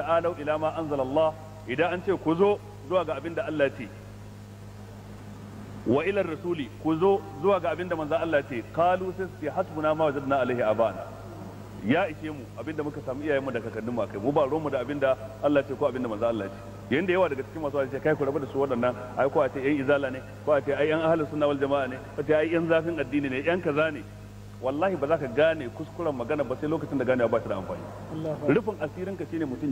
ta'alau ila ma anzalallah idan an ce ku zo zuwa ga abinda da Allah ce wa ilar rasuli ku zo zuwa ga abinda da manzo Allah ce qalu sai su hasbuna ma wajadna alaihi abana ya ishe mu abinda muka samu mu da kakannin mu kai mu ba ruwanmu da abinda da Allah ce ko abinda da manzo Allah ce yayin yawa daga cikin masu ce kai ku rabu da su waɗannan ai ko a ce yan izala ne ko a ce ai yan ahlus sunna wal jama'a ne ko ce ai yan zafin addini ne yan kaza ne wallahi ba za ka gane kuskuren magana ba sai lokacin da ganewa ba ta da amfani rufin asirin ka ne mutum